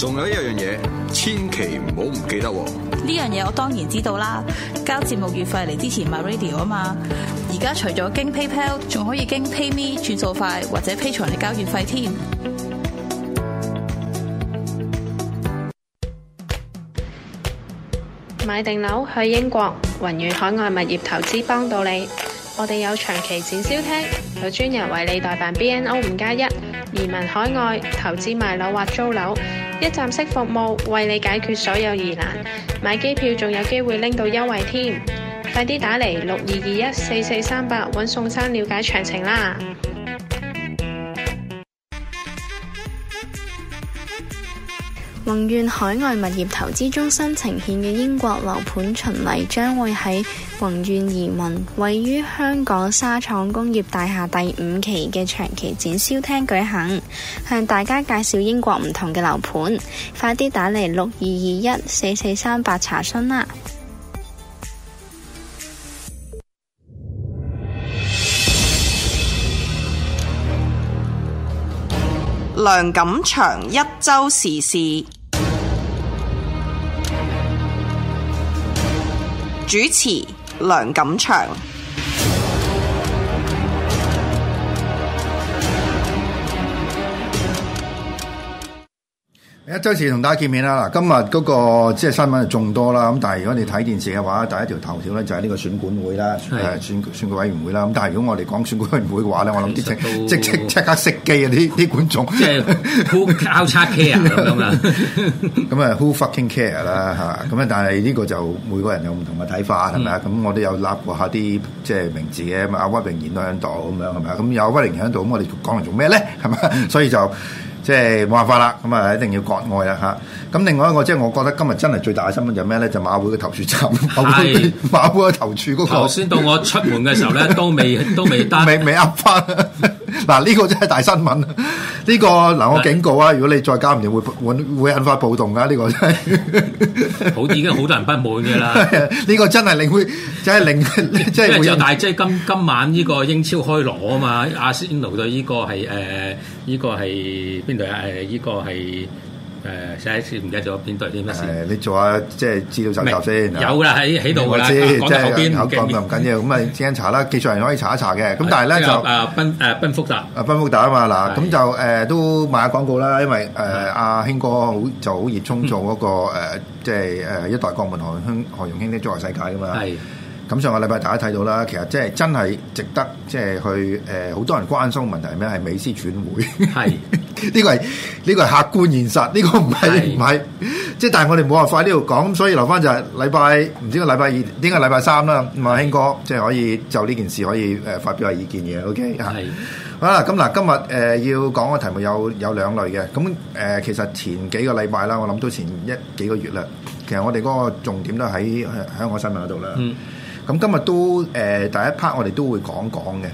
仲有一樣嘢，千祈唔好唔記得呢樣嘢。我當然知道啦，交節目月費嚟之前 MyRadio 啊嘛。而家除咗經 PayPal，仲可以經 PayMe 轉數快，或者 Patreon 嚟交月費添。買定樓去英國，雲宇海外物業投資幫到你。我哋有長期展銷廳，有專人為你代辦 BNO 五加一移民海外投資買樓或租樓。一站式服務，為你解決所有疑難。買機票仲有機會拎到優惠添，快啲打嚟六二二一四四三八，搵宋生了解詳情啦。宏遠海外物業投資中心呈現嘅英國樓盤巡禮將會喺宏遠移民位於香港沙廠工業大廈第五期嘅長期展銷廳舉行，向大家介紹英國唔同嘅樓盤。快啲打嚟六二二一四四三八查詢啦！梁錦祥一周時事。主持梁錦祥。一週時同大家見面啦，嗱，今日嗰個即係新聞就眾多啦。咁但係如果你睇電視嘅話，第一條頭條咧就係呢個選管會啦，誒選是選舉委員會啦。咁但係如果我哋講選管委員會嘅話咧，我諗即即即刻熄機啊！啲啲觀眾即係 Who care 咁 樣啊？咁啊 Who fucking care 啦嚇？咁啊，但係呢個就每個人有唔同嘅睇法係咪啊？咁、嗯、我都有拉過下啲即係名字嘅，咁啊阿屈穎妍喺度咁樣係咪啊？咁有屈穎妍喺度，咁我哋講嚟做咩咧？係咪？所以就。即係冇辦法啦，咁啊一定要割愛啦嚇。咁、啊、另外一個即係我覺得今日真係最大嘅新聞就係咩咧？就馬會嘅投注站，馬會是馬會嘅投注嗰個。頭先到我出門嘅時候咧， 都未都未單，未未壓翻。嗱、 啊，呢、這個真係大新聞。 呢、這個嗱，我警告啊！如果你再加唔掂，會會會引發暴動㗎。呢、這個真係 好，已經好多人不滿㗎喇。呢 個真係令會，真係令，真係有。大。即係 今今晚呢個英超開鑼啊嘛，阿仙奴對呢個係誒，呢、呃這個係邊度啊？誒、呃，呢、這個係。呃這個誒寫一次唔記得咗邊度啲咩事？你做下即係資料蒐集先。有啦，喺喺度噶啦。廣告邊？廣告唔緊要，咁啊，之查啦，技術人員可以查一查嘅。咁但係咧就誒奔誒奔福達。誒奔福達啊嘛嗱，咁就誒都賣下廣告啦，因為誒阿興哥好就好熱衷做嗰個即係誒一代國民何雄何雄興的中外世界噶嘛。係。咁上個禮拜大家睇到啦，其實即係真係值得即係、就是、去誒，好、呃、多人關心嘅問題係咩？係美斯轉會，係呢個係呢個係客觀現實，呢、這個唔係唔係。即係是、就是、但係我哋冇話快呢度講，所以留翻就係禮拜唔知個禮拜二，點解禮拜三啦？馬興哥，即係是可以就呢件事可以誒發表下意見嘅。OK，係是好啦。咁嗱，今日誒、呃、要講嘅題目有有兩類嘅。咁誒、呃、其實前幾個禮拜啦，我諗到前一幾個月啦，其實我哋嗰個重點都喺香港新聞嗰度啦。嗯咁今日都誒、呃、第一 part 我哋都會講講嘅，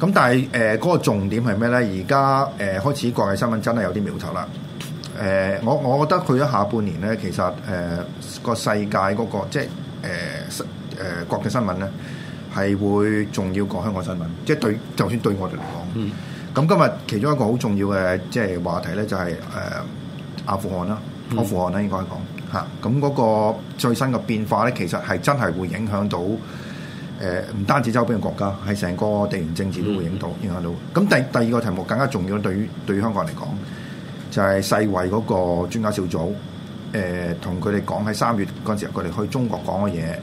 咁但係誒嗰個重點係咩咧？而家誒開始國際新聞真係有啲苗頭啦。誒、呃、我我覺得去咗下半年咧，其實誒個、呃、世界嗰、那個即係誒誒國際新聞咧係會重要過香港新聞，即係對就算對我哋嚟講，咁、嗯、今日其中一個好重要嘅即係話題咧就係誒阿富汗啦，阿富汗啦應該講。嗯嚇咁嗰個最新嘅變化咧，其實係真係會影響到誒，唔、呃、單止周邊嘅國家，係成個地緣政治都會影響到。影響到咁第第二個題目更加重要，對於對於香港人嚟講，就係、是、世衞嗰個專家小組誒，同佢哋講喺三月嗰陣時候，佢哋去中國講嘅嘢，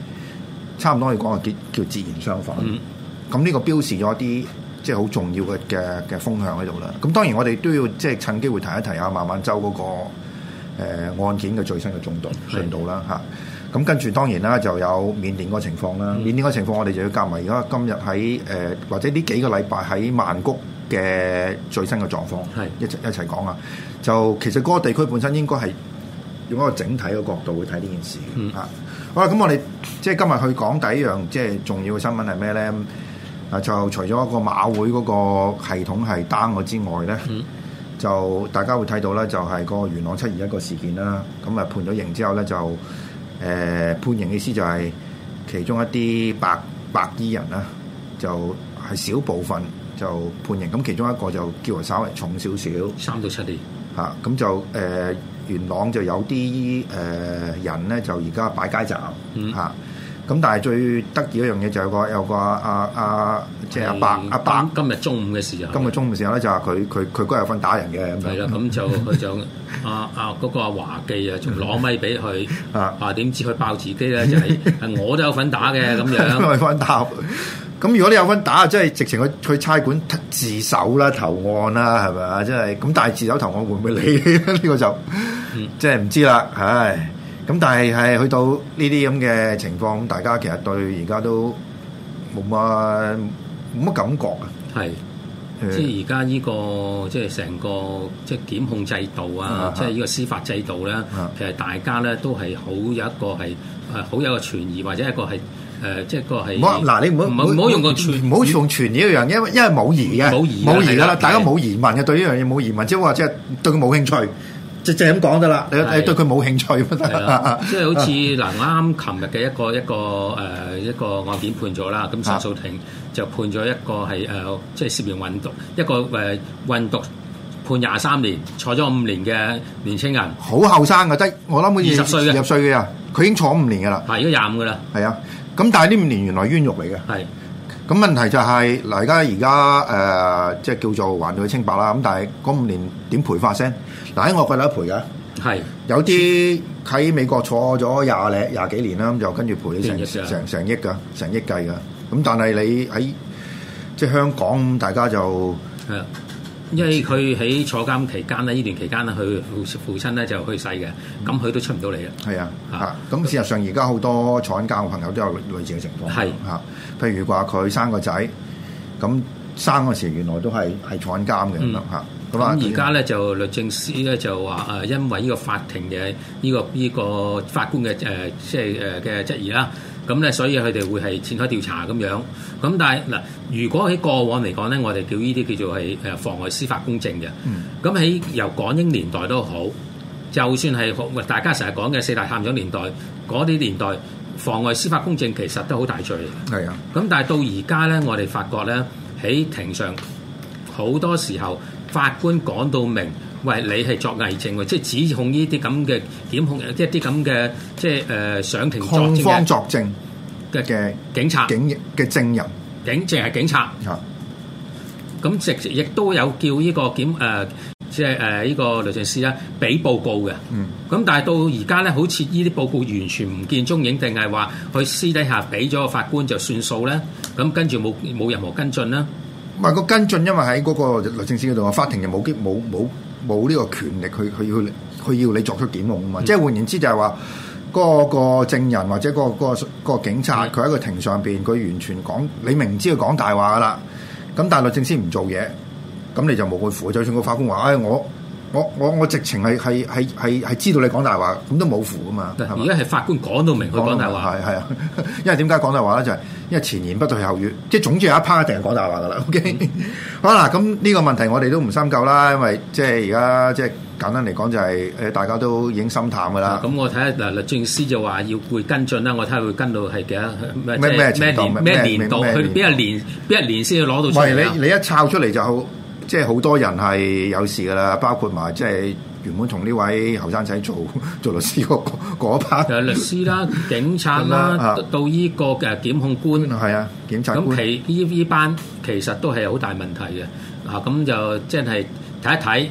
差唔多可以講係叫叫截然相反。咁呢、嗯、個標示咗啲即係好重要嘅嘅嘅風向喺度啦。咁當然我哋都要即係、就是、趁機會提一提啊，孟晚舟嗰個。誒、呃、案件嘅最新嘅中毒程度啦嚇，咁跟住當然啦，就有緬甸嗰情況啦。緬甸嗰情況，嗯、情況我哋就要夾埋而家今日喺誒或者呢幾個禮拜喺曼谷嘅最新嘅狀況，是的 一齊一齊講啊！就其實嗰個地區本身應該係用一個整體嘅角度去睇呢件事嘅、嗯、好啦，咁我哋即係今日去講第一樣即係重要嘅新聞係咩咧？就除咗個馬會嗰個系統係 down 咗之外咧。嗯就大家會睇到咧，就係個元朗七二一個事件啦。咁啊判咗刑之後咧，就、呃、誒判刑意思就係其中一啲白白衣人啦，就係、是、少部分就判刑。咁其中一個就叫稍微重少少，三到七年嚇。咁、啊、就誒、呃、元朗就有啲誒、呃、人咧，就而家擺街站嚇。咁、嗯啊、但係最得意一樣嘢就係個有個阿阿。即係阿伯，阿伯今日中午嘅時候，今日中午嘅時候咧就話佢佢佢居然有份打人嘅咁樣。係啦，咁就佢就阿阿嗰個阿華記啊，仲攞咪俾佢啊，話點知佢爆自己咧，就係我都有份打嘅咁樣。有份打，咁如果你有份打，即係直情去去差館自首啦、投案啦，係咪啊？即係咁，但係自首投案會唔會理呢個就即係唔知啦。唉，咁但係係去到呢啲咁嘅情況，大家其實對而家都冇乜。冇乜感覺啊！係，即係而家呢個即係成個即係檢控制度啊，即係呢個司法制度咧，其實大家咧都係好有一個係誒好有一個存疑或者一個係誒即係個係。嗱你唔好唔好用個存唔好用存疑一樣，因為因為冇疑嘅冇疑啦，大家冇疑問嘅，對呢樣嘢冇疑問，即係話即係對佢冇興趣。就就咁講得啦，你你對佢冇興趣乜？的 即係好似嗱啱啱琴日嘅一個一個誒、呃、一個案件判咗啦，咁陳素婷就判咗一個係誒，啊、即係涉嫌運毒，一個誒、呃、運毒判廿三年，坐咗五年嘅年青人，輕好後生噶，得我諗好似二十歲嘅，二十歲嘅人，佢已經坐五年噶啦，係而家廿五噶啦，係啊，咁但係呢五年原來冤獄嚟嘅。咁問題就係、是，嗱而家而家誒，即係叫做還佢清白啦。咁但係嗰五年點賠法先？嗱喺外國都賠㗎，是有啲喺美國坐咗廿零廿幾年啦，咁就跟住賠咗成成成億㗎，成億,億計㗎。咁但係你喺即係香港，大家就係啊。因為佢喺坐監期間咧，呢段期間咧，佢父父親咧就去世嘅，咁佢、嗯、都出唔到嚟嘅。係啊，嚇、啊！咁事實上，而家好多坐緊監嘅朋友都有類似嘅情況。係嚇是、啊，譬如話佢生個仔，咁生嗰時原來都係係坐緊監嘅咁樣嚇，咁、嗯、啊而家咧就律政司咧就話誒，因為呢個法庭嘅呢、這個呢個呢、呢個法官嘅誒即係誒嘅質疑啦。咁咧，嗯、所以佢哋會係展開調查咁樣。咁但係嗱，如果喺過往嚟講咧，我哋叫呢啲叫做係誒妨礙司法公正嘅。咁喺、嗯、由港英年代都好，就算係唔係大家成日講嘅四大探長年代嗰啲年代，妨礙司法公正其實都好大罪。係啊。咁但係到而家咧，我哋發覺咧喺庭上好多時候，法官講到明。喂，你係作偽證喎，即係指控呢啲咁嘅檢控，一啲咁嘅即係誒上庭作證嘅嘅警察嘅證人，警正係警察。嚇、啊，咁直直亦都有叫呢個檢誒、呃，即係誒呢個律政司啦，俾報告嘅。嗯。咁但係到而家咧，好似呢啲報告完全唔見蹤影，定係話佢私底下俾咗個法官就算數咧？咁跟住冇冇任何跟進啦。唔係個跟進，因為喺嗰個律政司嗰度啊，法庭又冇冇冇。冇呢個權力去，去佢要佢要你作出檢控啊嘛！即係換言之就，就係話嗰個證人或者嗰、嗰個嗰、嗰個、警察，佢喺個庭上邊，佢完全講你明知佢講大話㗎喇，咁但律政司唔做嘢，咁你就無據符。就算個法官話，唉、哎，我。我我我直情係係係係係知道你講大話，咁都冇符噶嘛。而家係法官講到明，明，佢講大話係係啊，因為點解講大話咧？就係、係、因為前言不對後語，即係總之有一 part 一定係講大話噶啦。OK，好啦，咁呢個問題我哋都唔深究啦，因為即係而家即係簡單嚟講就係、係、誒大家都已經心淡噶啦。咁我睇下嗱律政司就話要跟會跟進啦，我睇下會跟到係幾多咩咩年代咩年度佢邊一年邊一年先要攞到出嚟你你，你一摷出嚟就好。即係好多人係有事噶啦，包括埋即係原本同呢位後生仔做做律師嗰、嗰個、班，有律師啦、警察啦，嗯、到呢個嘅檢控官，係、嗯、啊，警察。咁其呢呢班其實都係好大問題嘅啊！咁就真係睇一睇，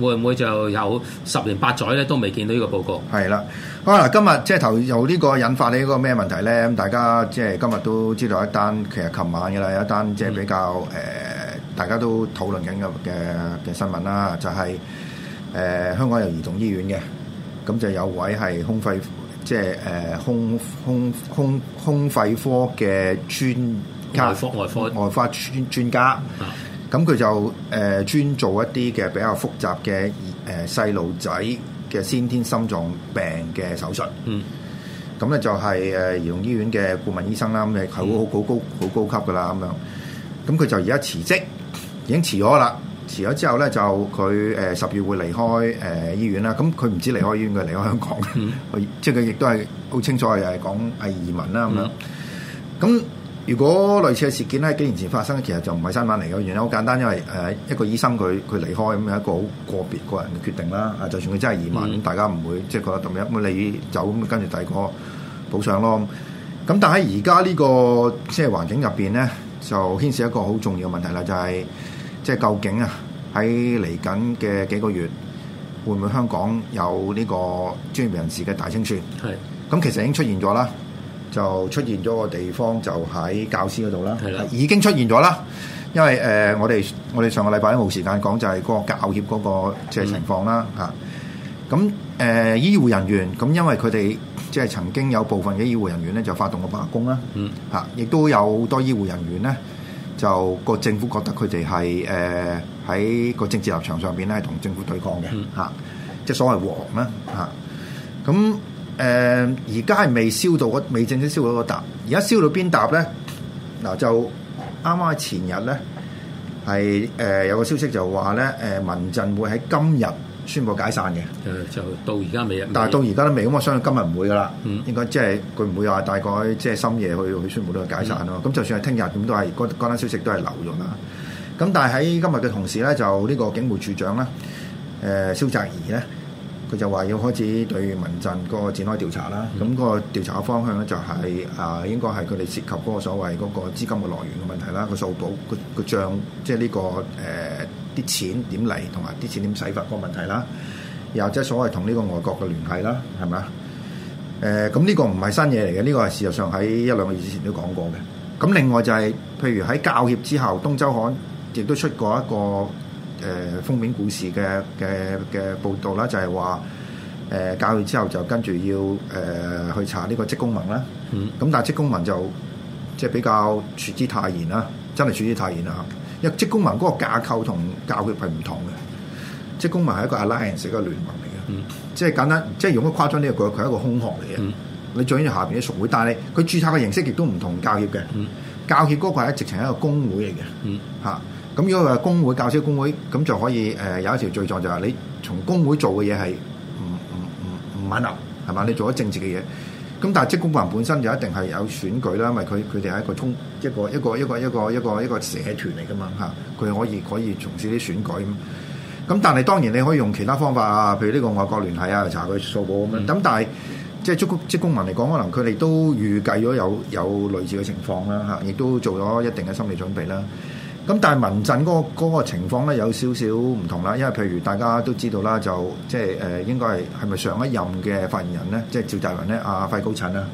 會唔會就有十年八載咧都未見到呢個報告？係啦、啊，好啦，今日即係頭由呢個引發呢個咩問題咧？咁大家即係今日都知道一單，其實琴晚嘅啦，有一單即係比較誒。呃大家都討論緊嘅嘅嘅新聞啦，就係、是、誒、呃、香港有兒童醫院嘅，咁就有位係胸肺，即係誒胸胸胸胸肺科嘅專家科外科外科，外科專專家，咁佢、啊、就誒、呃、專做一啲嘅比較複雜嘅誒細路仔嘅先天心臟病嘅手術，嗯，咁咧就係誒兒童醫院嘅顧問醫生啦，咁你係好好高好高級噶啦，咁樣，咁佢就而家辭職。已經辭咗啦，辭咗之後咧就佢誒十月會離開誒、呃、醫院啦。咁佢唔知離開醫院，佢離開香港，即係佢亦都係好清楚係講係移民啦咁樣。咁、嗯、如果類似嘅事件咧幾年前發生，其實就唔係新聞嚟嘅。原因好簡單，因為誒一個醫生佢佢離開咁係一個好個別個人嘅決定啦。啊，就算佢真係移民，嗯、大家唔會即係覺得咁別特別咁你走咁跟住第二個補償咯。咁但係而家呢個即係環境入邊咧，就牽涉一個好重要嘅問題啦，就係、是。即係究竟啊，喺嚟緊嘅幾個月，會唔會香港有呢個專業人士嘅大清算？係。咁其實已經出現咗啦，就出現咗個地方就喺教師嗰度啦。係啦。已經出現咗啦，因為誒、呃、我哋我哋上個禮拜都冇時間講就係個教協嗰個即係情況啦嚇。咁誒係、啊呃、醫護人員咁因為佢哋即係曾經有部分嘅醫護人員咧就發動過罷工啦。係嗯、啊。嚇，亦都有好多醫護人員咧。就個政府覺得佢哋係誒喺個政治立場上邊咧，係同政府對抗嘅嚇、mm. 啊，即係所謂黃啦嚇。咁誒而家係未燒到個未正式燒到個笪，而家燒到邊笪咧？嗱就啱啱前日咧係誒有個消息就話咧誒民陣會喺今日宣布解散嘅，誒、嗯、就到而家未，但係到而家都未，咁未我相信今日唔會㗎喇。嗯，應該即係佢唔會話大概即係深夜去去宣布呢個解散咯。咁、嗯、就算係聽日，咁都係嗰嗰單消息都係流用啦。咁但係喺今日嘅同時咧，就呢個警務處長咧，誒、呃、蕭澤頤咧，佢就話要開始對民陣個展開調查啦。咁、嗯、個調查嘅方向咧就係、是、啊、呃，應該係佢哋涉及嗰個所謂嗰個資金嘅來源嘅問題啦。嗰個數簿個、嗰個帳，即係、這、呢個誒。呃啲錢點嚟同埋啲錢點使法個問題啦，又即係所謂同呢個外國嘅聯繫啦，係咪？誒、呃、咁、這、呢個唔係新嘢嚟嘅，呢、這個係事實上喺一兩個月之前都講過嘅。咁另外就係、是，譬如喺教協之後，東周刊亦都出過一個誒、呃、封面故事嘅嘅嘅報導啦，就係話誒教協之後就跟住要誒、呃、去查呢個職工盟啦。咁、嗯、但係職工盟就即係比較處之泰然啦，真係處之泰然啦嚇。即公民嗰個架構同教協係唔同嘅，即公民係一個 alliance 一個聯盟嚟嘅，嗯，即係簡單，即係用咗誇張呢個句，佢係一個空殼嚟嘅，嗯、你最緊要下邊啲熟會，但係佢註冊嘅形式亦都唔同教協嘅，教協嗰、嗯、個係直情係一個工會嚟嘅，嗯，嚇、啊，咁如果係工會、教師工會，咁就可以誒、呃、有一條罪狀就係你從工會做嘅嘢係唔唔唔唔穩立，係嘛？你做咗政治嘅嘢。咁但係職工盟本身就一定係有選舉啦，因為佢佢哋係一個公一個一個一個一個一個一個社團嚟噶嘛嚇，佢可以可以從事啲選舉。咁但係當然你可以用其他方法啊，譬如呢個外國聯繫啊，查佢數報咁樣。咁、嗯、但係即係職工職工盟嚟講，可能佢哋都預計咗有有類似嘅情況啦嚇，亦都做咗一定嘅心理準備啦。咁但係民陣嗰、那個情況咧有少少唔同啦，因為譬如大家都知道啦，就即係誒應該係係咪上一任嘅發言人咧，即、就、係、是、趙達文咧，阿、啊、費高診啦，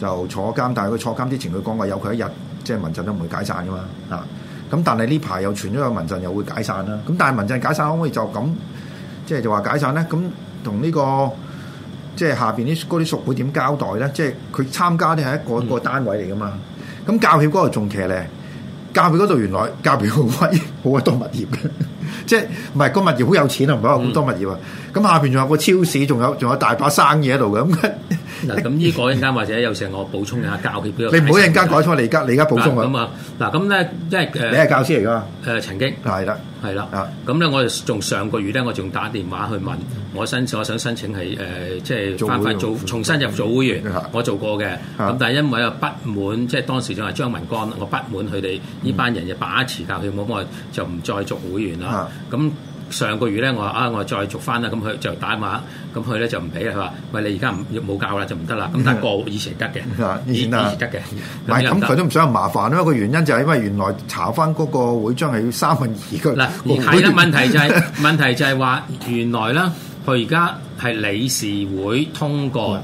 就坐監，但係佢坐監之前佢講過有佢一日，即、就、係、是、民陣都唔會解散噶嘛，啊！咁但係呢排又傳咗個民陣又會解散啦，咁但係民陣解散可唔可以就咁即係就話、是、解散咧？咁同呢個即係、就是、下邊啲嗰啲屬會點交代咧？即係佢參加呢係一個、嗯、一個單位嚟噶嘛，咁教協嗰度仲騎咧。教育嗰度原來教育好威，好鬼多物業嘅，即係唔係個物業好有錢啊？唔係話好多物業啊，咁、嗯、下邊仲有個超市，仲有仲有大把生意喺度嘅。嗱，咁呢個陣間或者有時我補充一下教協嗰，你唔好陣間改錯嚟，而家你而家補充佢。嗱，咁咧，因為誒，你係教師嚟㗎？誒，曾經。係啦，係啦。咁咧，我仲上個月咧，我仲打電話去問，我申請，我想申請係誒，即係翻翻做重新入做會員。我做過嘅，咁但係因為不滿，即係當時就係張文光，我不滿佢哋呢班人嘅把持教協，我就唔再續會員啦。咁。上個月咧，我話啊，我再續翻啦，咁佢就打碼，咁佢咧就唔俾啊，佢話，喂，你而家冇交啦，就唔得啦。咁但過以前得嘅，以前得嘅，唔係咁佢都唔想麻煩咯。個原因就係因為原來查翻嗰個會章係要三分二嘅。嗱，而家問題就係、係、 問題就係話，原來咧佢而家係理事會通過、嗯。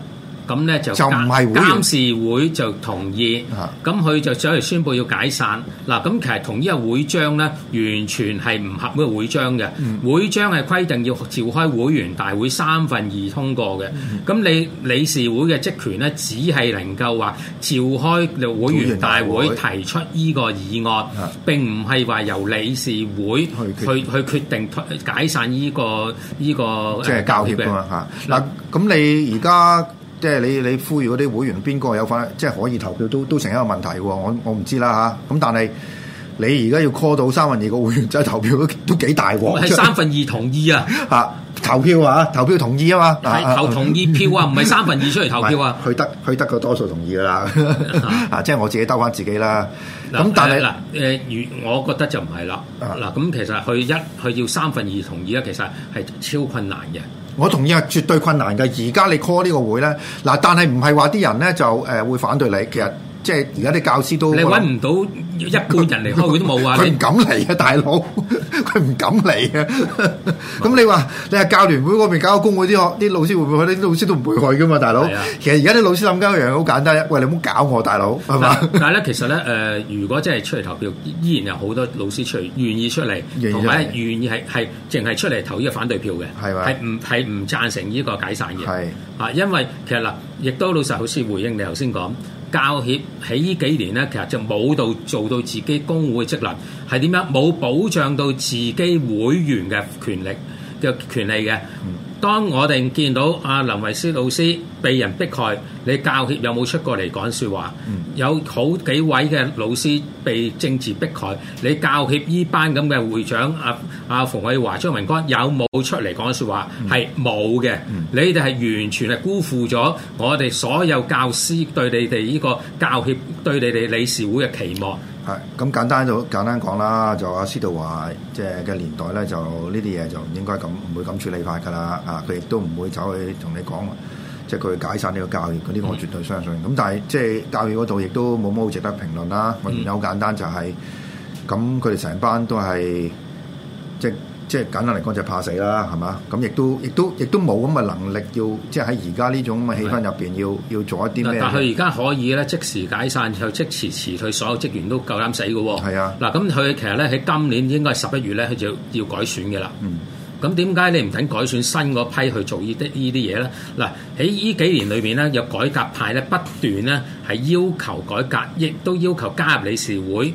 咁咧就會監事會就同意，咁佢的就走嚟宣布要解散。嗱，咁其實同依個會章咧，完全係唔合呢個會章嘅。嗯、會章係規定要召開會員大會三分二通過嘅。咁、嗯、你理事會嘅職權咧，只係能夠話召開會員大會，提出呢個議案，並唔係話由理事會去的去決定解散呢、呢個依個即係教協嘅嘛，吓，嗱，咁、啊啊、你而家？即係你你呼籲嗰啲會員邊個有份即係可以投票都都成一個問題喎，我我唔知啦嚇。咁、啊、但係你而家要 call 到三分二個會員即係投票都都幾大鑊。係三分二同意啊！嚇、啊、投票啊！投票同意啊嘛！係投同意票啊，唔係三分二出嚟投票啊。佢得佢得個多數同意噶啦， 啊即係我自己兜翻自己啦。咁但係嗱誒，我覺得就唔係啦。嗱咁、呃呃、其實佢一佢要三分二同意啊，其實係超困難嘅。我同意啊，絕對困難嘅。而家你 call 呢個會咧，嗱，但係唔係話啲人咧就誒、呃、會反對你？其實即係而家啲教師都你揾唔到一半人嚟開會都冇啊！佢唔敢嚟啊，大佬。 佢唔敢嚟嘅，咁 你話你係教聯會嗰邊搞個工會啲學啲老師會唔會去？啲老師都唔會去噶嘛，大佬。是啊、其實而家啲老師諗鳩嘢好簡單，喂，你唔好搞我，大佬係嘛？是吧但係咧，其實咧，誒、呃，如果真係出嚟投票，依然有好多老師出嚟，願意出嚟，同埋願意係係淨係出嚟投呢個反對票嘅，係嘛吧？係唔係唔贊成呢個解散嘅？係是啊，因為其實嗱，亦都老實老師回應你頭先講。教協喺呢幾年咧，其實就冇到做到自己工會嘅職能，係點樣冇保障到自己會員嘅權力嘅權利嘅。當我哋見到阿、啊、林慧思老師被人迫害，你教協有冇出過嚟講説話？嗯、有好幾位嘅老師被政治迫害，你教協呢班咁嘅會長阿阿馮偉華、張文光有冇出嚟講説話？係冇嘅，嗯、你哋係完全係辜負咗我哋所有教師對你哋呢個教協對你哋理事會嘅期望。咁簡單就簡單講啦，就阿司徒華，即係嘅年代咧，就呢啲嘢就應該咁，唔會咁處理法㗎喇。啊，佢亦都唔會走去同你講，即係佢解散呢個教育。嗰啲、嗯、我絕對相信。咁但係即係教育嗰度亦都冇乜好值得評論啦。我原因好簡單、就係，就係、是、咁，佢哋成班都係即。即係簡單嚟講，就怕死啦，係嘛？咁亦都亦都亦都冇咁嘅能力要，要即係喺而家呢種咁嘅氣氛入邊，要的要做一啲咩？但係佢而家可以咧，即時解散又即時辭退所有職員都夠膽死嘅喎、哦。係啊，嗱，咁佢其實咧喺今年應該係十一月咧，佢就要，要改選嘅啦。嗯，咁點解你唔等改選新嗰批去做呢啲依啲嘢咧？嗱，喺呢幾年裏邊咧，有改革派咧不斷咧係要求改革，亦都要求加入理事會。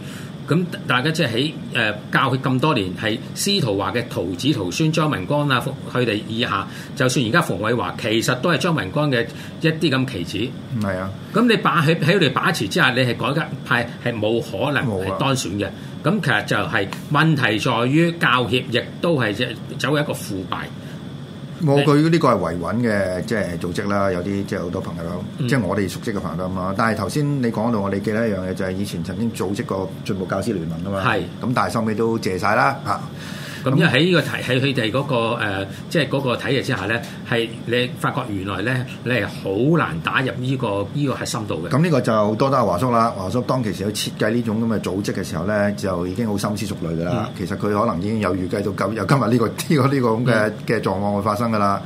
咁大家即係喺誒教協咁多年，係司徒華嘅徒子徒孫張文光啊，佢哋以下，就算而家馮偉華，其實都係張文光嘅一啲咁棋子。係是啊，咁你把喺喺佢哋把持之下，你係改革派係冇可能係當選嘅。咁是、啊、其實就係問題在於教協亦都係走一個腐敗。冇，佢呢個係維穩嘅，即係組織啦。有啲即係好多朋友，嗯、即係我哋熟悉嘅朋友啊嘛。但係頭先你講到，我哋記得一樣嘢，就係、是、以前曾經組織過進步教師聯盟啊嘛。係是。咁但係收尾都謝晒啦，嚇。咁、嗯、因為喺呢個體喺佢哋嗰個即係嗰個體育之下咧，係你發覺原來咧，你係好難打入呢、呢個呢、呢個核心度嘅。咁呢個就多得阿華叔啦，華叔當其時有設計呢種咁嘅組織嘅時候咧，就已經好深思熟慮噶啦。其實佢可能已經有預計到今有今日呢、呢個呢、呢個呢、呢個咁嘅嘅狀況會發生噶啦。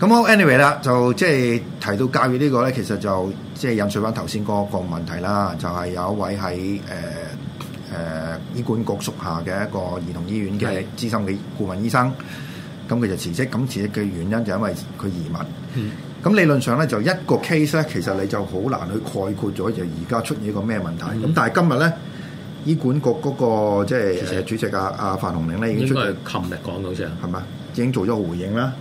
咁我、嗯嗯、anyway 啦，就即係提到教育個呢個咧，其實就即係引述翻頭先嗰個問題啦，就係、是、有一位喺誒。呃誒、呃、醫管局屬下嘅一個兒童醫院嘅資深嘅顧問醫生，咁佢的就辭職。咁辭職嘅原因就因為佢移民。咁、嗯、理論上咧，就一個 case 咧，其實你就好難去概括咗，就而家出現一個咩問題。咁、嗯、但係今日咧，醫管局嗰、那個即係、就是、主席啊，阿職、啊、范宏寧范鴻齡咧已經出應該琴日講到先，係咪啊？已經做咗個回應啦，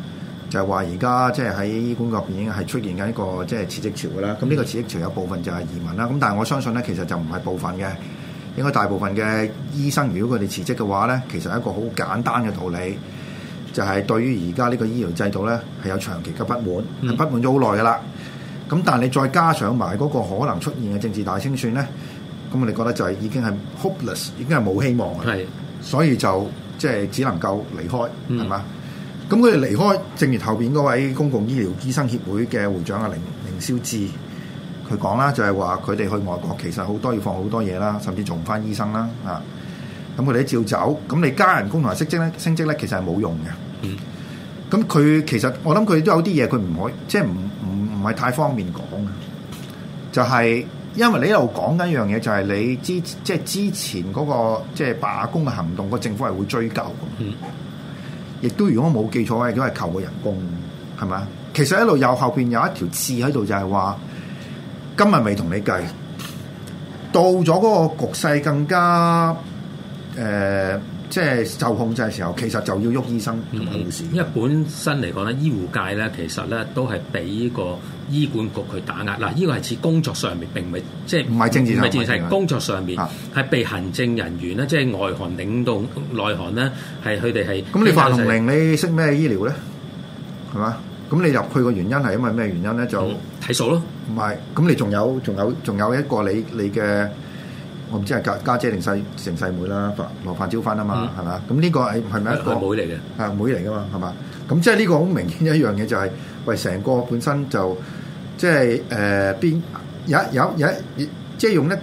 就係話而家即係喺醫管局入邊已經係出現緊一個即係辭職潮噶啦。咁呢個辭職潮有部分就係移民啦。咁、嗯、但係我相信咧，其實就唔係部分嘅。應該大部分嘅醫生，如果佢哋辭職嘅話咧，其實係一個好簡單嘅道理，就係、是、對於而家呢個醫療制度咧，係有長期嘅不滿，係、嗯、不滿咗好耐噶啦。咁但係你再加上埋嗰個可能出現嘅政治大清算咧，咁我哋覺得就係已經係 hopeless，已經係冇希望嘅。係是，所以就即係、就是、只能夠離開，係嘛、嗯？咁佢哋離開，正如後邊嗰位公共醫療醫生協會嘅會長阿凌凌霄志。佢講啦，就係話佢哋去外國，其實好多要放好多嘢啦，甚至做唔翻醫生啦啊。咁佢哋照走，咁你加人工同埋升職咧，升職咧其實係冇用嘅。咁佢其實我諗佢都有啲嘢，佢唔可即係唔唔唔係太方便講嘅。就係、是、因為你一路講緊一樣嘢，就係你之即係之前嗰、那個即係罷工嘅行動，那個政府係會追究嘅。亦都如果冇記錯嘅，都係求個人工係咪啊？其實一路右後邊有一條刺喺度，就係話。今日未同你計，到咗嗰個局勢更加誒、呃，即係受控制嘅時候，其實就要喐醫生同護士。因為本身嚟講咧，醫護界咧，其實咧都係俾依個醫管局去打壓。嗱，依、這個係指工作上面並未，即係唔係政治，唔係政治，係工作上面，係被行政人員咧，即係外行領導內行咧，係佢哋係。咁你范鴻齡，是你識咩醫療咧？係嘛？咁你入去嘅原因係因為咩原因咧？就睇數咯，唔係。咁你仲有仲有仲有一個你你嘅，我唔知係家家姐定細成細妹啦，羅范椒芬啊嘛，係嘛？咁呢個係係咪一個妹嚟嘅？係妹嚟噶嘛，係嘛？咁即係呢個好明顯一樣嘢就係、是，喂，成個本身就即係誒、呃、邊有有有，即係用得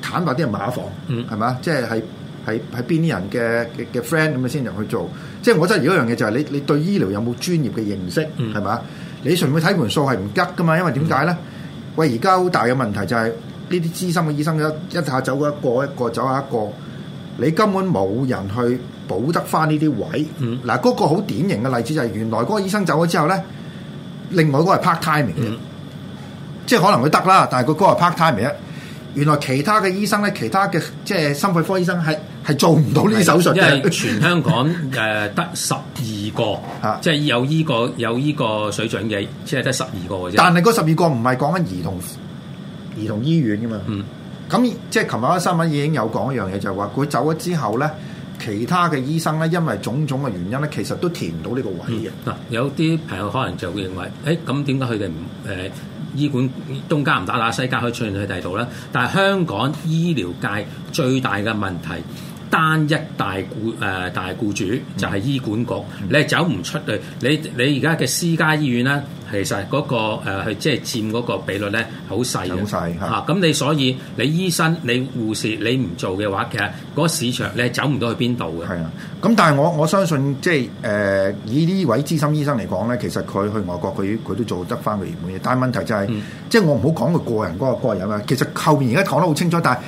坦白啲係馬房，嗯，係嘛？即係係。喺喺邊啲人嘅嘅 friend 咁樣先入去做，即係我真係而家一樣嘢就係你你對醫療有冇專業嘅認識係咪、mm.？你純粹睇盤數係唔得㗎嘛？因為點解咧？Mm. 喂，而家好大嘅問題就係呢啲資深嘅醫生一一下走過一個一,一個一走下一,一,一,一,一,一,一個，你根本冇人去補得返呢啲位。嗱，嗰個好典型嘅例子就係、是、原來嗰個醫生走咗之後咧，另外一個係 part time 嚟嘅，mm. 即係可能會得啦，但係嗰個係 part time 嚟嘅。原來其他嘅醫生咧，其他嘅即係心肺科醫生係。係做唔到呢啲手術，因為全香港誒得十二個，即係有依個有依個水準嘅，即係得十二個嘅啫。但係嗰十二個唔係講緊兒童兒童醫院嘅嘛。嗯，咁即係琴日嘅新聞已經有講一樣嘢，就係話佢走咗之後咧，其他嘅醫生咧，因為種種嘅原因咧，其實都填唔到呢個位嘅。嗱、嗯，有啲朋友可能就會認為，誒，咁點解佢哋唔誒醫管，東家唔打打西家，可以出現喺第度咧？但係香港醫療界最大嘅問題。單一大僱誒、呃、大僱主就係醫管局，嗯、你係走唔出去。你你而家嘅私家醫院咧，其實嗰、那個誒、呃、即係佔嗰個比率咧，好細好細嚇，咁、啊、你所以你醫生你護士你唔做嘅話，其實嗰市場你係走唔到去邊度嘅。係啊，咁但係我我相信即係誒、呃，以呢位資深醫生嚟講咧，其實佢去外國佢佢都做得翻個原本嘅。但係問題就係、是，嗯、即係我唔好講佢個人嗰個個人啦。其實後面而家講得好清楚，但係。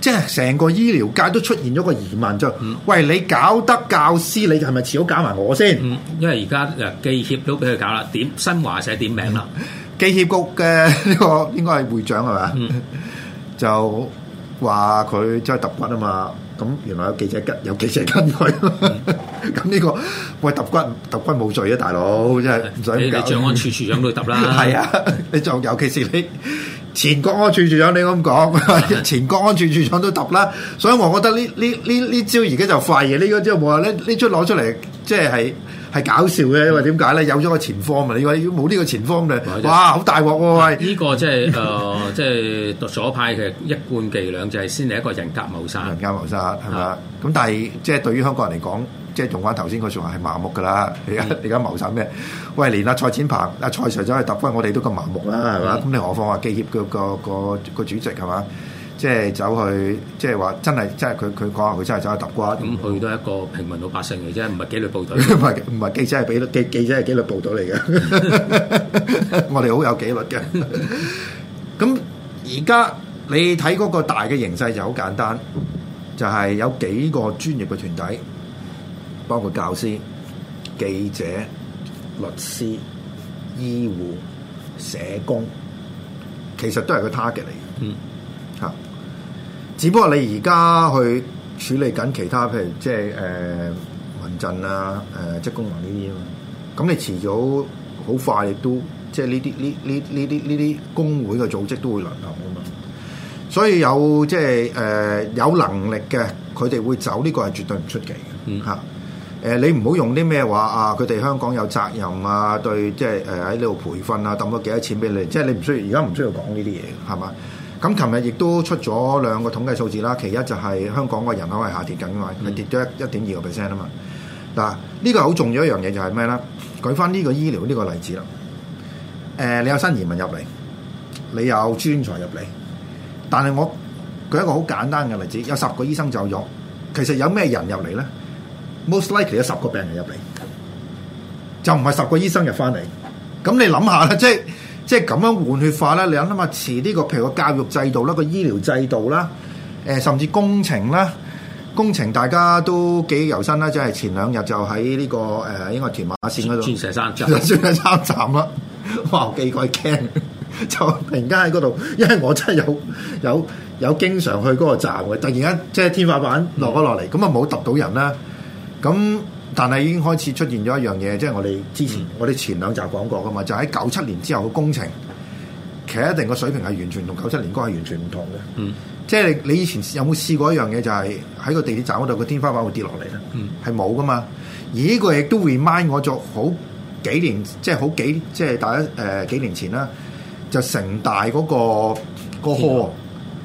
即係成個醫療界都出現咗個疑問，就喂，你搞得教師，你係咪遲早搞埋我先？因為而家誒記協都俾佢搞啦，點新華社點名啦？記協局嘅呢個應該係會長係咪啊？就話佢真係揼骨啊嘛，咁原來有記者跟有記者跟佢，咁呢個喂，揼骨揼骨冇罪啊，大佬真係唔想長安處處長都揼啦，係啊，你仲尤其是你。前國安處處長，你咁講，前國安處處長都揼啦，所以我覺得呢呢呢呢招而家就廢嘅，呢個招冇啊！呢呢出攞出嚟，即係係係搞笑嘅，因為點解咧？有咗個前方嘛，如果冇呢個前方嘅，哇，好大鑊喎！呢、啊、個即係誒，即係、 呃就是、左派嘅一貫伎倆，就係先嚟一個人格謀殺，人格謀殺係嘛？咁的但係即係對於香港人嚟講。即係用翻頭先個説話係麻木噶啦，你而家你而家謀殺咩？喂，連阿蔡展鵬、阿蔡 Sir 走去揼骨，我哋都咁麻木啦，係嘛？咁你何況話記協個個個個主席係嘛？即係走去，即係話真係真係佢佢講話，佢真係走去揼骨。咁佢都係一個平民老百姓嚟啫，唔係紀律部隊，唔係唔係記者係俾記記者係紀律部隊嚟嘅。我哋好有紀律嘅。咁而家你睇嗰個大嘅形勢就好簡單，就係有幾個專業嘅團隊。包括教師、記者、律師、醫護、社工，其實都係個 target 嚟嘅。嗯，嚇，只不過你而家去處理緊其他，譬如即係誒、呃、民陣啊、誒、呃、職工盟呢啲啊嘛。咁你遲早好快亦都即係呢啲呢呢呢啲呢啲工會嘅組織都會淪陷啊嘛。所以有即係誒、呃、有能力嘅，佢哋會走呢、呢個係絕對唔出奇嘅。嗯，嚇。誒、呃、你唔好用啲咩話啊！佢哋香港有責任啊，對，即係誒喺呢度培訓啊，抌咗幾多錢俾你，即係你唔需要而家唔需要講呢啲嘢，係嘛？咁琴日亦都出咗兩個統計數字啦，其一就係香港嘅人口係下跌緊嘅嘛，你跌咗一一點二個 percent 啊嘛。嗱、呃，呢、呢個好重要一樣嘢就係咩咧？舉翻呢個醫療呢個例子啦。誒、呃，你有新移民入嚟，你有專才入嚟，但係我舉一個好簡單嘅例子，有十個醫生走咗，其實有咩人入嚟咧？Most likely 有十個病人入嚟，就唔係十個醫生入翻嚟。咁你諗下啦，即係即係咁樣換血化咧。你諗下遲啲呢個，譬如個教育制度啦，個醫療制度啦，誒、呃，甚至工程啦，工程大家都記憶猶新啦。即係前兩日就喺呢、這個誒、呃，應該係屯馬線嗰度，鑽石山， 站，鑽石山站啦，哇，幾鬼驚！ 就突然間喺嗰度，因為我真係有有有經常去嗰個站嘅，突然間即係天花板落咗落嚟，咁啊冇揼到人啦。咁，但係已經開始出現咗一樣嘢，即係我哋之前、嗯、我哋前兩集講過噶嘛，就喺九七年之後嘅工程，其實一定個水平係完全同九七年嗰個係完全唔同嘅。嗯，即係你以前有冇試過一樣嘢，就係喺個地鐵站嗰度個天花板會跌落嚟咧？嗯，係冇噶嘛。而呢個亦都 remind 我咗好幾年，即係好幾即係大家誒、呃、幾年前啦，就成大嗰、嗰個、嗰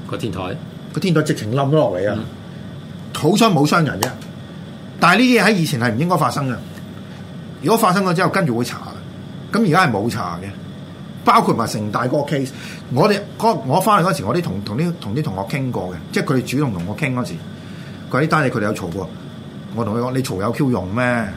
個 hall, 天台，個天，天台直情冧咗落嚟啊！好彩冇傷人啫。但係呢啲嘢喺以前係唔應該發生嘅。如果發生咗之後，跟住會查。咁而家係冇查嘅，包括埋成大嗰個 case 我。我哋我翻去嗰時，我啲同同啲同啲同學傾過嘅，即係佢哋主動同我傾嗰時，嗰啲單嘢佢哋有嘈過。我同佢講：你嘈有 Q 用咩？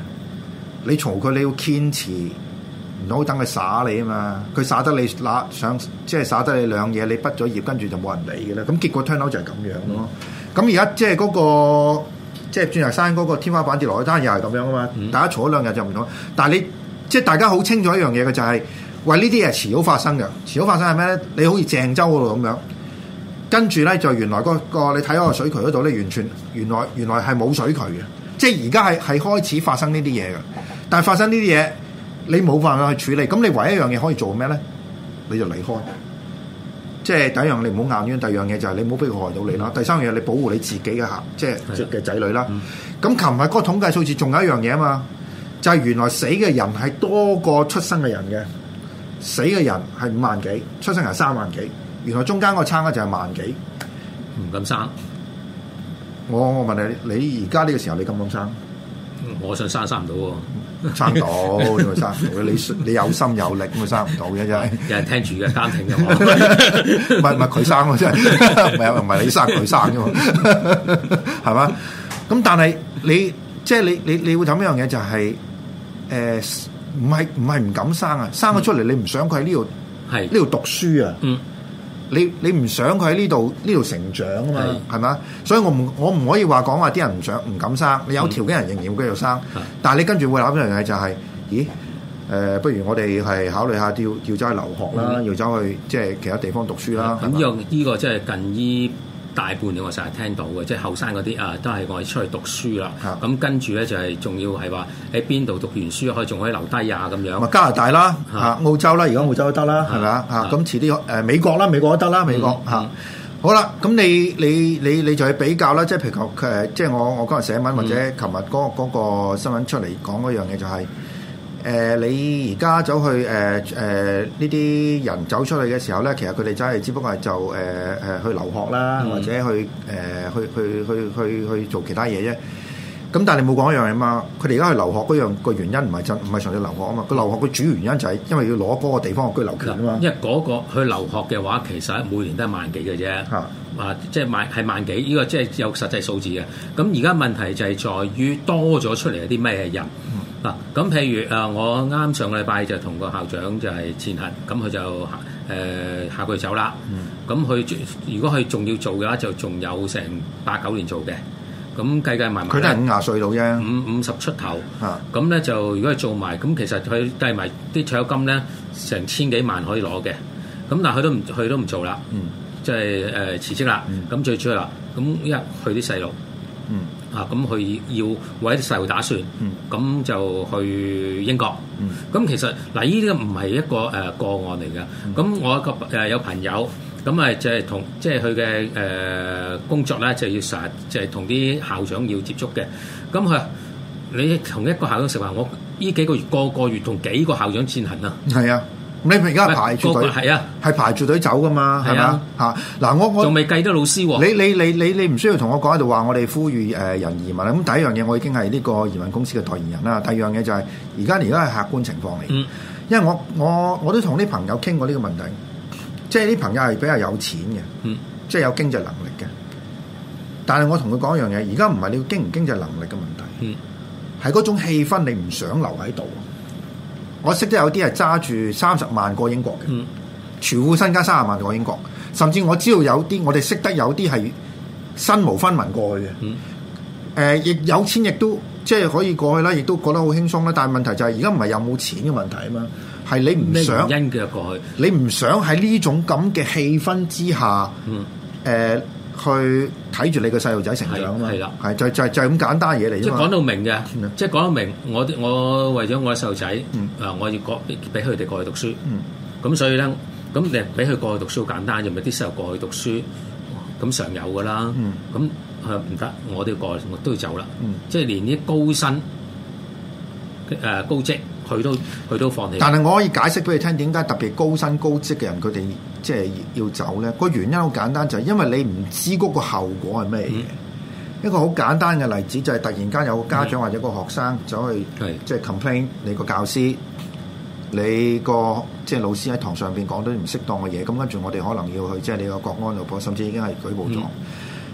你嘈佢，你要堅持，唔好等佢耍你啊嘛。佢耍得你那想，即係耍得你兩嘢，你畢咗業跟住就冇人理嘅啦。咁結果 turnout 就係咁樣咯。咁而家即係嗰個。即係鑽石山嗰個天花板跌落去單又係咁樣啊嘛，大家坐咗兩日就唔同。但係你即係大家好清楚一樣嘢嘅就係、是，喂，呢啲嘢遲早發生嘅，遲早發生係咩咧？你好似鄭州嗰度咁樣，跟住咧就原來嗰、那個你睇嗰個水渠嗰度咧，完全原來原來係冇水渠嘅，即係而家係係開始發生呢啲嘢嘅。但係發生呢啲嘢，你冇辦法去處理，咁你唯一一樣嘢可以做咩咧？你就離開。即係第一樣你唔好硬冤，第二樣嘢就係你唔好俾佢害到你啦。第三樣嘢你保護你自己嘅嚇，即係嘅仔女啦。咁琴日嗰個統計數字仲有一樣嘢啊嘛，就係、是、原來死嘅人係多過出生嘅人嘅，死嘅人係五萬幾，出生人三萬幾，原來中間嗰個差額就係萬幾，唔敢生。我我問你，你而家呢個時候你敢唔敢生？我想生，生唔到喎。生到，你咪生唔到嘅。你你有心有力，咁咪生唔到嘅，真係。有人聽住嘅，監聽嘅嘛。唔係唔係佢生啊，真係唔係唔係你生佢生嘅嘛，係嘛？咁但係你即係你你你會諗一樣嘢就係誒，唔係唔係唔敢生啊！生咗出嚟，你唔想佢喺呢度係呢度讀書啊！嗯。你你唔想佢喺呢度呢度成長啊嘛，係咪是的？所以我唔我唔可以話講話啲人唔想唔敢生，你有條件人仍然會繼續生。嗯、但係你跟住會諗一樣嘢就係、是，咦？誒、呃，不如我哋係考慮下要要走去留學啦，是的 要走去即係其他地方讀書啦。咁的吧、呢個呢、呢個即係近於。大半年我成日聽到嘅，即係後生嗰啲啊，uh, 都係我哋出去讀書啦。咁的跟住咧就係、是、仲要係話喺邊度讀完書可以仲可以留低呀咁樣。加拿大啦，嚇的、啊、澳洲啦，而家澳洲都得啦，係咪啊？嚇，咁遲啲誒美國啦，美國都得啦，美國嚇。好啦、嗯，咁、嗯、你你你你就係比較啦，即係譬如佢誒，即、就、係、是、我我今日寫文、嗯、或者琴日嗰嗰個新聞出嚟講嗰樣嘢就係、是。誒、呃，你而家走去誒誒呢啲人走出去嘅時候咧，其實佢哋真係只不過係就誒誒、呃呃、去留學啦，或者去誒、呃、去去去去去做其他嘢啫。咁但係你冇講一樣嘢嘛？佢哋而家去留學嗰樣個原因唔係真唔係純粹留學啊嘛？佢留學個主要原因就係因為要攞嗰個地方嘅居留權啊嘛。因為嗰個去留學嘅話，其實每年都係萬幾嘅啫。嚇！啊，即係、啊就是、萬係萬幾，呢、這個即係有實際數字嘅。咁而家問題就係在於多咗出嚟啲咩人？嗱，咁譬如啊，我啱上個禮拜就同個校長就係辭職，咁佢就下誒個月走啦。咁佢如果佢仲要做嘅話，就仲有成八九年做嘅。咁計計埋埋，佢都係五廿歲老啫，五五十出頭。咁咧就如果係做埋，咁其實佢計埋啲退休金咧，成千幾萬可以攞嘅。咁但係佢都唔佢都唔做啦，即係誒辭職啦。咁最衰啦，咁因為佢啲細路。嗯。啊，咁佢要為啲細路打算，咁就、嗯、去英國。咁、嗯、其實嗱，呢啲唔係一個誒、呃、個案嚟嘅。咁、嗯、我一個誒、呃、有朋友，咁啊就係同即係佢嘅誒工作咧，就係、要成日即係同啲校長要接觸嘅。咁佢話，你同一個校長食飯，我呢幾個月個個月同幾個校長餞行啊？係啊。你而家排住隊係啊，係排住隊走噶嘛，係咪啊？吓嗱吧，我我仲未計得老師、啊你。你你你你你唔需要同我講喺度話，我哋呼籲誒人移民啦。咁第一樣嘢，我已經係呢個移民公司嘅代言人啦。第二樣嘢就係而家而家係客觀情況嚟，因為我我我都同啲朋友傾過呢個問題，即係啲朋友係比較有錢嘅，嗯、即係有經濟能力嘅。但係我同佢講一樣嘢，而家唔係你要經唔經濟能力嘅問題，係嗰、嗯、種氣氛你唔想留喺度。我識得有啲係揸住三十萬過英國嘅，儲戶、嗯、身家三十萬過英國，甚至我知道有啲我哋識得有啲係身無分文過去嘅。誒、嗯，亦、呃、有錢亦都即係可以過去啦，亦都覺得好輕鬆啦。但係問題就係而家唔係有冇錢嘅問題啊嘛，係你唔想因腳過去，你唔想喺呢種咁嘅氣氛之下，誒、嗯。呃去睇住你個細路仔成長啊，係啦，係就、就就係、咁簡單嘢嚟啫。即係講到明嘅，嗯、即係講得明。我我為咗我細路仔，啊、嗯呃，我要過俾佢哋過去讀書。咁、嗯、所以咧，咁你俾佢過去讀書好簡單，因咪啲細路過去讀書咁常有噶啦。咁佢唔得，我都要過去，我都要走啦。嗯、即係連啲高薪誒、呃、高職。佢都佢都放棄。但係我可以解釋俾你聽，點解特別高薪高職嘅人佢哋即係要走咧？個原因好簡單，就係因為你唔知嗰個後果係咩嘢。嗯、一個好簡單嘅例子就係突然間有個家長或者個學生走去即係 complain 你個教師，你個即係老師喺堂上邊講到唔適當嘅嘢，咁跟住我哋可能要去即係你個國安度報，甚至已經係舉報咗。嗯、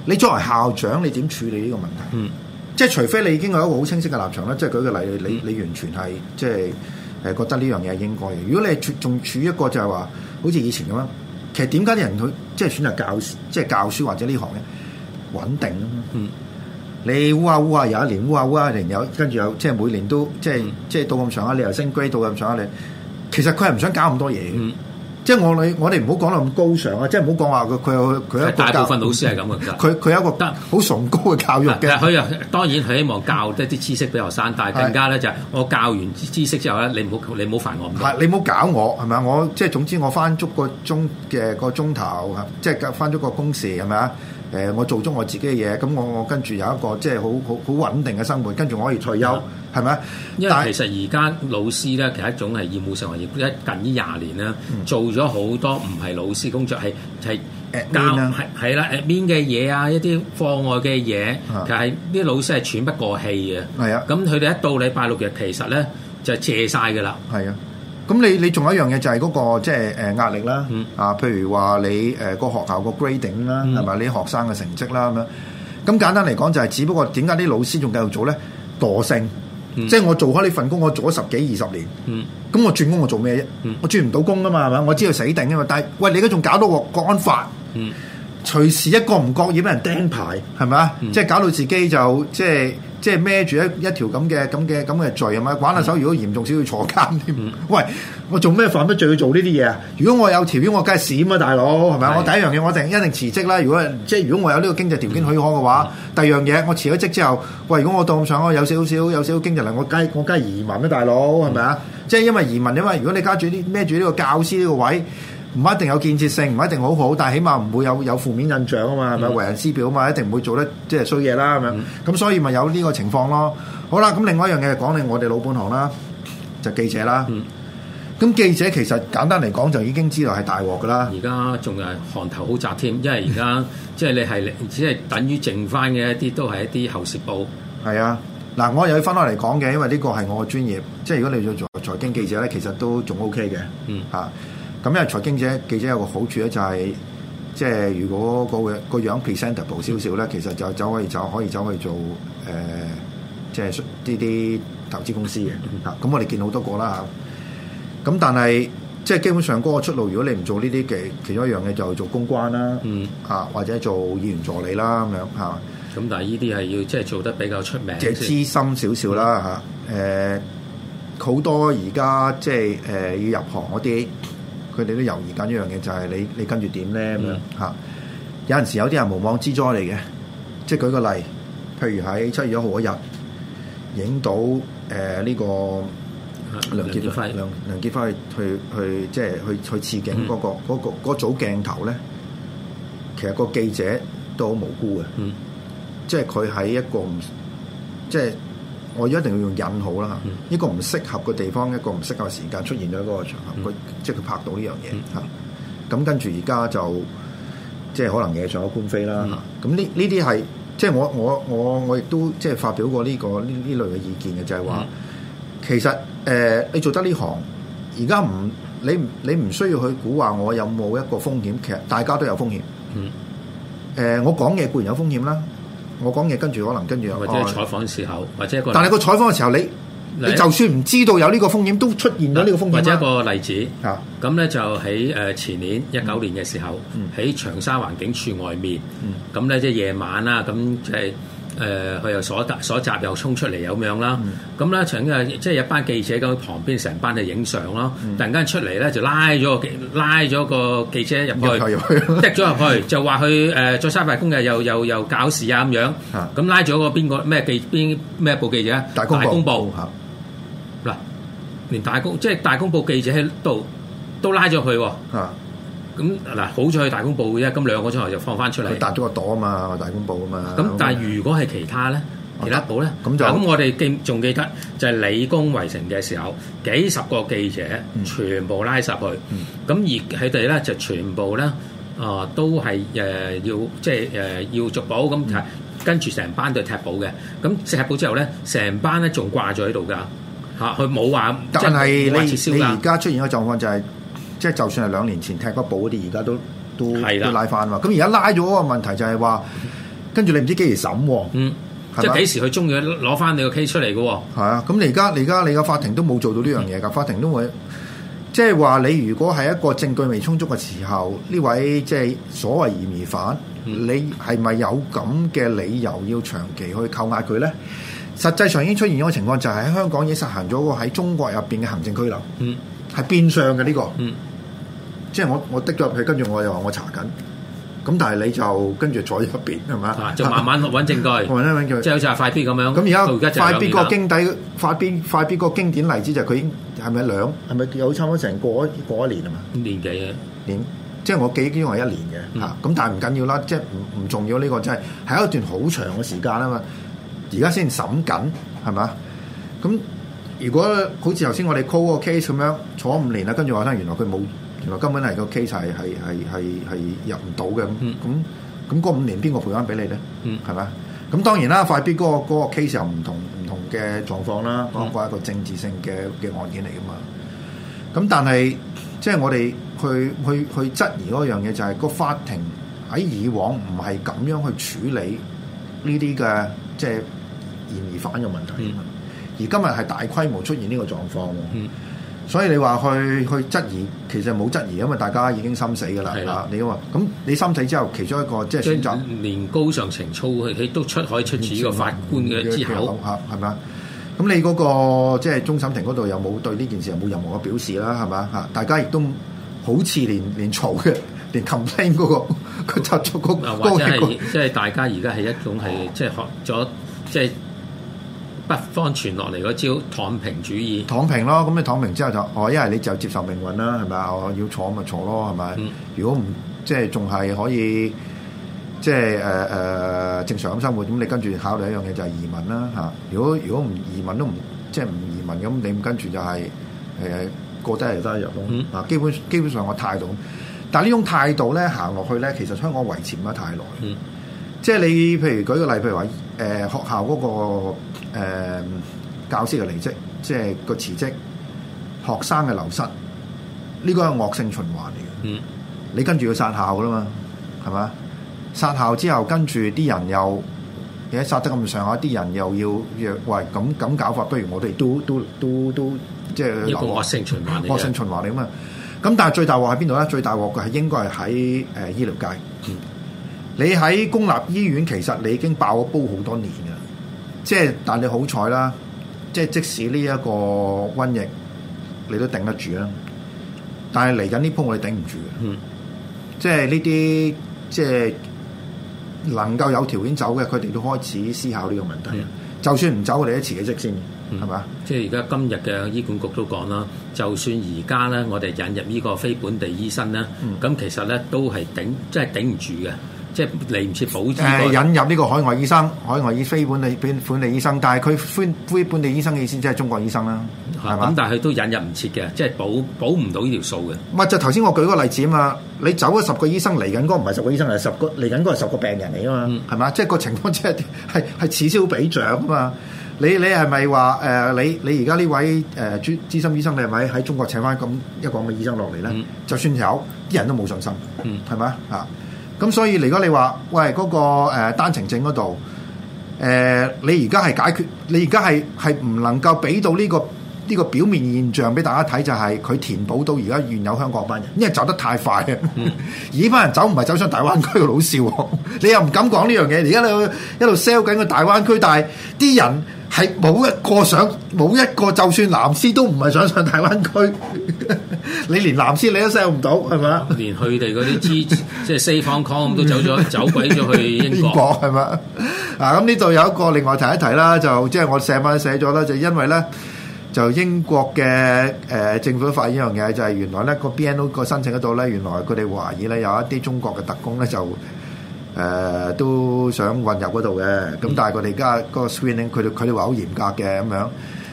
你作為校長，你點處理呢個問題？嗯即係除非你已經有一個好清晰嘅立場啦，即係舉個例，你你完全係即係誒覺得呢樣嘢係應該嘅。如果你係處仲處一個就係話，好似以前咁樣，其實點解啲人去即係選擇教即係教書或者呢行嘅穩定咁？嗯，你烏啊烏啊有一年烏啊烏啊一年有跟住又，即係每年都即係即係到咁上下，你又升 grade 到咁上下，你。其實佢係唔想搞咁多嘢。嗯即係我你我哋唔好講得咁高尚啊！即係唔好講話佢佢佢一大部分老師係咁嘅。佢佢有一個得好崇高嘅教育嘅但。佢又當然佢希望教一啲知識俾學生，但係更加咧就係我教完知識之後咧，你唔好你唔好煩我，唔係你唔好搞我係咪啊？我即係總之我返足個鐘嘅個鐘頭，即係返足個工時係咪啊？誒，我做咗我自己嘅嘢，咁我我跟住有一個即係好好好穩定嘅生活，跟住我可以退休，係咪啊？因為其實而家老師咧，其實一種係義務成為業，一近呢廿年啦，做咗好多唔係老師工作，係係教係係啦入邊嘅嘢啊，一啲課外嘅嘢，其實係啲老師係喘不過氣嘅。係啊，咁佢哋一到禮拜六日，其實咧就謝曬㗎啦。係啊。咁你你仲有一樣嘢就係嗰、那個即係誒壓力啦，啊，譬如話你誒個、呃、學校個 grading 啦，係咪、嗯？你學生嘅成績啦咁樣。咁簡單嚟講就係，只不過點解啲老師仲繼續做咧？惰性，嗯、即係我做開呢份工，我做咗十幾二十年，咁、嗯、我轉工我做咩啫？嗯、我轉唔到工噶嘛，係嘛？我知道死定啊嘛，但係喂，你而家仲搞到個國安法？嗯隨時一個唔覺意俾人釘牌，係咪啊？嗯、即係搞到自己就即係即係孭住一一條咁嘅咁嘅咁嘅罪係咪？玩下手，如果嚴重少少坐監添。嗯、喂，我做咩犯乜罪要做呢啲嘢啊？如果我有條件，我梗係閃啊，大佬係咪啊？是的 我第一樣嘢我一定一定辭職啦。如果即係如果我有呢個經濟條件許可嘅話，嗯、第二樣嘢我辭咗職之後，喂，如果我當上我有少少有少少經濟能力，我梗我梗係移民啊，大佬係咪啊？即係因為移民因為。如果你加住啲孭住呢個教師呢個位。唔一定有建設性，唔一定好好，但係起碼唔會有有負面印象啊嘛，係咪？為人師表啊嘛，一定唔會做得即係衰嘢啦咁樣。咁、嗯、所以咪有呢個情況咯。好啦，咁另外一樣嘢講你，我哋老本行啦，就記者啦。咁、嗯、記者其實簡單嚟講，就已經知道係大鑊㗎啦。而家仲係行頭好窄添，因為而家 即係你係只係等於剩返嘅一啲都係一啲喉舌報。係啊，嗱，我又要分開嚟講嘅，因為呢個係我嘅專業。即係如果你要做財經記者咧，其實都仲 OK 嘅。嗯。啊。咁因為財經者記者有個好處咧，就係即係如果個個個樣 presentable 少少咧，嗯、其實就走去走可以走去做誒，即係呢啲投資公司嘅。嗯、啊，咁我哋見好多個啦。咁、嗯、但係即係基本上嗰個出路，如果你唔做呢啲嘅，其中一樣嘅，就做公關啦，啊或者做議員助理啦咁樣嚇。咁但係呢啲係要即係做得比較出名，即係、嗯、資深少少啦嚇。誒、啊、呃、好多而家即係誒要入行嗰啲。佢哋都猶豫緊一樣嘢，就係、是、你你跟住點咧咁樣嚇？Mm hmm. 有陣時有啲人無妄之災嚟嘅，即係舉個例，譬如喺七月一號嗰日影到誒呢、呃這個梁杰，輝梁杰梁傑輝去去，去即係去去刺警嗰、那個嗰、mm hmm. 那個嗰組、那個那個那個那個、鏡頭咧，其實個記者都好無辜嘅、mm hmm.，即係佢喺一個即係。我一定要用引號啦，嗯、一個唔適合嘅地方，一個唔適合嘅時間出現咗嗰個場合，佢、嗯、即係佢拍到呢樣嘢嚇。咁、嗯啊、跟住而家就即係可能嘢仲有官非啦。咁呢呢啲係即係我我我我亦都即係發表過呢、呢個呢呢類嘅意見嘅，就係話其實誒、呃、你做得呢行，而家唔你你唔需要去估話我有冇一個風險，其實大家都有風險。誒、嗯呃呃，我講嘢固然有風險啦。我講嘢跟住可能跟住，或者採訪時候或者，一個但係個採訪嘅時候你你就算唔知道有呢個風險都出現咗呢個風險或者一個例子啊，咁咧就喺誒前年一九年嘅時候，喺、嗯、長沙環境處外面，咁咧即係夜晚啦、啊，咁即係。誒佢又所所集又衝出嚟咁樣啦，咁咧長嘅即係一班記者咁，旁邊成班去影相咯。突然間出嚟咧，就拉咗個拉咗個記者入去入去，掟咗入去，就話佢誒做三份工嘅又又又搞事啊咁樣。咁、啊嗯、拉咗、嗰個邊個咩記邊咩報記者，記者、啊、大公報？大公報嗱，哦嗯嗯啊、連大公即係大公報記者喺度都拉咗佢喎。啊啊咁嗱，好在係大公報嘅啫，咁兩個鐘頭就放翻出嚟。佢搭咗個朵啊嘛，大公報啊嘛。咁但係如果係其他咧，其他報咧，咁我哋記仲記得就係理工圍城嘅時候，幾十個記者全部拉晒去。咁而佢哋咧就全部咧啊，都係誒要即係誒要續保，咁就係跟住成班都係踢保嘅。咁踢保之後咧，成班咧仲掛咗喺度㗎。嚇，佢冇話。但係你你而家出現嘅狀況就係。即係就算係兩年前踢個保嗰啲，而家都都是的 都拉翻嘛。咁而家拉咗個問題就係話，跟住你唔知幾時審。嗯，吧即係幾時去中院攞翻你個 case 出嚟嘅？係啊，咁你而家你而家你個法庭都冇做到呢樣嘢㗎，嗯、法庭都會即係話你如果係一個證據未充足嘅時候，呢位即係、就是、所謂嫌疑犯，你係咪有咁嘅理由要長期去扣押佢咧？實際上已經出現咗個情況，就係喺香港已經實行咗個喺中國入邊嘅行政拘留，嗯，係變相嘅呢、這個，嗯。即係我我滴咗入去，跟住我又話我查緊，咁但係你就跟住坐喺一邊，係咪、啊、就慢慢揾證據， 即係好似快必咁樣。咁而家快必個經典，快必快必個經典例子就佢已經係咪兩係咪有差唔多成過一過一年啊嘛？年幾嘅年，即係我記憶中係一年嘅嚇。咁、嗯、但係唔緊要啦，即係唔重要呢、呢個，即係係一段好長嘅時間啊嘛。而家先審緊，係咪？咁如果好似頭先我哋 call 個 case 咁樣坐五年啦，跟住話咧原來佢冇。原來根本係個 case，係係係係入唔到嘅，咁咁嗰五年邊個賠翻俾你咧？係咪？咁當然啦，快必嗰、嗰個 case、嗰個、又唔同唔同嘅狀況啦，嗯、包括一個政治性嘅嘅案件嚟噶嘛。咁但係即係我哋去去去質疑嗰樣嘢就係、係嗰個法庭喺以往唔係咁樣去處理呢啲嘅即係嫌疑犯嘅問題，嗯、而今日係大規模出現呢個狀況。嗯嗯所以你話去去質疑，其實冇質疑，因為大家已經心死嘅啦。係啦的、啊，你話咁、嗯、你心死之後，其中一個即係選擇連高尚情操係佢都出海出自呢個法官嘅之口嚇係咪啊？咁你嗰、那個即係終審庭嗰度有冇對呢件事有冇任何嘅表示啦？係咪啊？大家亦都好似連連吵嘅，連 complain 嗰、那個佢作出個多即係大家而家係一種係即係學咗即係。北方傳落嚟嗰招躺平主義，躺平咯，咁你躺平之後就，哦，一係你就接受命運啦，係咪啊？我要坐咪坐咯，係咪？嗯、如果唔即係仲係可以，即係誒誒正常咁生活，咁你跟住考慮一樣嘢就係移民啦嚇。如果如果唔移民都唔即係唔移民咁，你唔跟住就係、是、誒、呃、過得一日得一日啊，基本基本上個態度，但係呢種態度咧行落去咧，其實香港維持唔得太耐。嗯即係你，譬如舉個例，譬如話，誒，學校嗰個誒教師嘅離職，即係個辭職，學生嘅流失，呢個係惡性循環嚟嘅。嗯，你跟住要殺校噶啦嘛，係嘛？殺校之後，跟住啲人又，而家殺得咁上下，啲人又要，話喂咁咁搞法，不如我哋都都都都，都，即係一個惡性循環，惡性循環嚟啊嘛。咁但係最大鑊喺邊度咧？最大鑊嘅係應該係喺誒醫療界。你喺公立醫院，其實你已經爆咗煲好多年㗎，即係，但你好彩啦，即係即使呢一個瘟疫，你都頂得住啦。但係嚟緊呢鋪，我哋頂唔住嘅。即係呢啲，即係能夠有條件走嘅，佢哋都開始思考呢個問題。嗯、就算唔走，我哋都辭咗職先，係嘛、嗯？吧即係而家今日嘅醫管局都講啦，就算而家咧，我哋引入呢個非本地醫生咧，咁、嗯、其實咧都係頂，即係頂唔住嘅。即係嚟唔切補。誒，引入呢個海外醫生、海外醫非本地本地醫生，但係佢非非本地醫生嘅意思即係中國醫生啦，係嘛？咁、啊、但係佢都引入唔切嘅，即係補補唔到呢條數嘅。唔係、啊、就頭先我舉個例子啊嘛，你走咗十個醫生嚟緊嗰唔係十個醫生，係十個嚟緊嗰係十個病人嚟啊嘛，係嘛、嗯？即係個情況即係係係此消彼長啊嘛。你你係咪話誒？你係係、呃、你而家呢位誒專資深醫生，你係咪喺中國請翻咁一個咁嘅醫生落嚟咧？嗯、就算有啲人都冇信心，係咪？啊？咁、嗯、所以如果你話喂嗰、那個誒、呃、單程證嗰度，誒、呃、你而家係解決，你而家係係唔能夠俾到呢、這個呢、這個表面現象俾大家睇，就係、是、佢填補到而家原有香港班人，因為走得太快啊！嗯、 而班人走唔係走上大灣區好笑喎，你又唔敢講呢樣嘢。而家你一路 sell 緊個大灣區，但係啲人。係冇一個想，冇一個就算藍絲都唔係想上大灣區。你連藍絲你都 sell 唔到，係咪？連佢哋嗰啲資，即係西方 con 都走咗，走鬼咗去英國，係咪？啊，咁呢度有一個另外提一提啦，就即係我寫返寫咗啦，就因為咧，就英國嘅誒政府發現一樣嘢，就係原來咧個 BNO 個申請嗰度咧，原來佢哋懷疑咧有一啲中國嘅特工咧就。誒、呃、都想混入嗰度嘅，咁但係佢哋而家個 screening 佢哋佢哋話好嚴格嘅咁樣，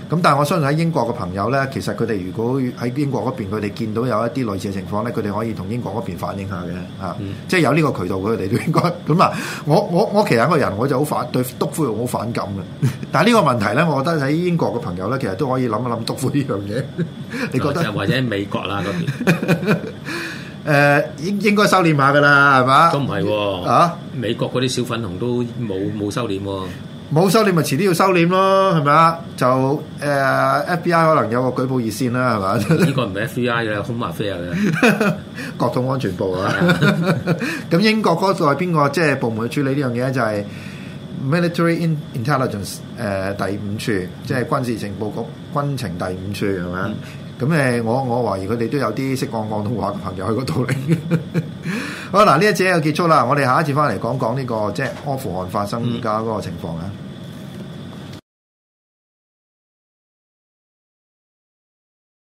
咁但係我相信喺英國嘅朋友咧，其實佢哋如果喺英國嗰邊，佢哋見到有一啲類似嘅情況咧，佢哋可以同英國嗰邊反映下嘅嚇，啊嗯、即係有呢個渠道，佢哋都應該。咁啊，我我我其實一個人我就好反對篤灰，好反感嘅，但係呢個問題咧，我覺得喺英國嘅朋友咧，其實都可以諗一諗篤灰呢樣嘢，你覺得？或者美國啦、啊、嗰邊 誒、呃，應應該收斂下噶啦，係嘛？都唔係，啊，美國嗰啲小粉紅都冇冇收斂，冇收斂咪遲啲要收斂咯，係咪啊？就誒、呃，FBI 可能有個舉報熱線啦，係嘛？呢個唔係 FBI 嘅，空麻飛啊嘅，國土安全部啊。咁英國嗰度係邊個？即係部門去處理呢樣嘢？就係 Military Intelligence 誒第五處，即係軍事情報局軍情第五處，係咪咁我我懷疑佢哋都有啲識講廣東話嘅朋友喺嗰度嚟。好啦，嗱呢一節就結束啦，我哋下一次翻嚟講講呢，這個即係，就是，阿富汗發生而家嗰個情況，嗯。